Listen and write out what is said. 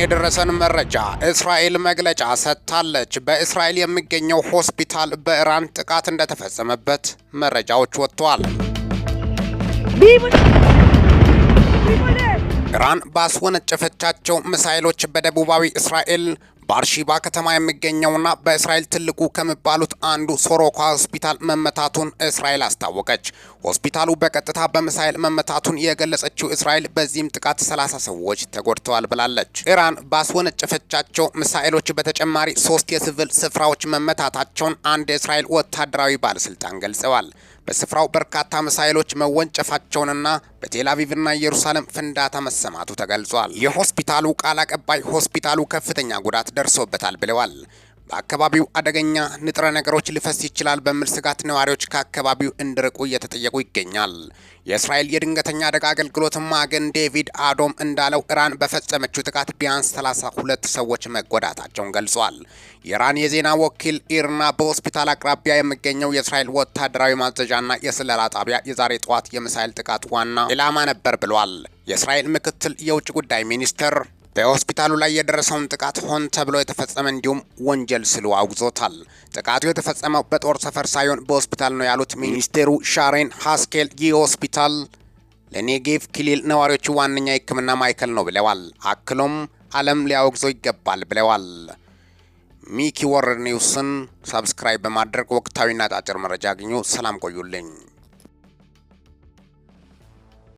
የደረሰን መረጃ እስራኤል መግለጫ ሰጥታለች። በእስራኤል የሚገኘው ሆስፒታል በኢራን ጥቃት እንደተፈጸመበት መረጃዎች ወጥተዋል። ኢራን ባስወነጨፈቻቸው ሚሳይሎች በደቡባዊ እስራኤል በአርሺባ ከተማ የሚገኘውና በእስራኤል ትልቁ ከሚባሉት አንዱ ሶሮካ ሆስፒታል መመታቱን እስራኤል አስታወቀች። ሆስፒታሉ በቀጥታ በሚሳኤል መመታቱን የገለጸችው እስራኤል በዚህም ጥቃት 30 ሰዎች ተጎድተዋል ብላለች። ኢራን ባስወነጨፈቻቸው ሚሳኤሎች በተጨማሪ ሶስት የሲቪል ስፍራዎች መመታታቸውን አንድ የእስራኤል ወታደራዊ ባለስልጣን ገልጸዋል። በስፍራው በርካታ ሚሳኤሎች መወንጨፋቸውንና በቴልአቪቭና ኢየሩሳሌም ፍንዳታ መሰማቱ ተገልጿል። የሆስፒታሉ ቃል አቀባይ ሆስፒታሉ ከፍተኛ ጉዳት ደርሶበታል ብለዋል። በአካባቢው አደገኛ ንጥረ ነገሮች ሊፈስ ይችላል በሚል ስጋት ነዋሪዎች ከአካባቢው እንዲርቁ እየተጠየቁ ይገኛል። የእስራኤል የድንገተኛ አደጋ አገልግሎት ማገን ዴቪድ አዶም እንዳለው ኢራን በፈጸመችው ጥቃት ቢያንስ 32 ሰዎች መጎዳታቸውን ገልጿል። የኢራን የዜና ወኪል ኢርና በሆስፒታል አቅራቢያ የሚገኘው የእስራኤል ወታደራዊ ማዘዣና የስለላ ጣቢያ የዛሬ ጠዋት የሚሳይል ጥቃት ዋና ኢላማ ነበር ብሏል። የእስራኤል ምክትል የውጭ ጉዳይ ሚኒስትር በሆስፒታሉ ላይ የደረሰውን ጥቃት ሆን ተብሎ የተፈጸመ እንዲሁም ወንጀል ስሉ አውግዞታል። ጥቃቱ የተፈጸመው በጦር ሰፈር ሳይሆን በሆስፒታል ነው ያሉት ሚኒስቴሩ ሻሬን ሃስኬል ይህ ሆስፒታል ለኔጌቭ ክልል ነዋሪዎቹ ዋነኛ የሕክምና ማዕከል ነው ብለዋል። አክሎም ዓለም ሊያወግዞ ይገባል ብለዋል። ሚኪ ወርልድ ኒውስን ሰብስክራይብ በማድረግ ወቅታዊና አጫጭር መረጃ አግኙ። ሰላም ቆዩልኝ።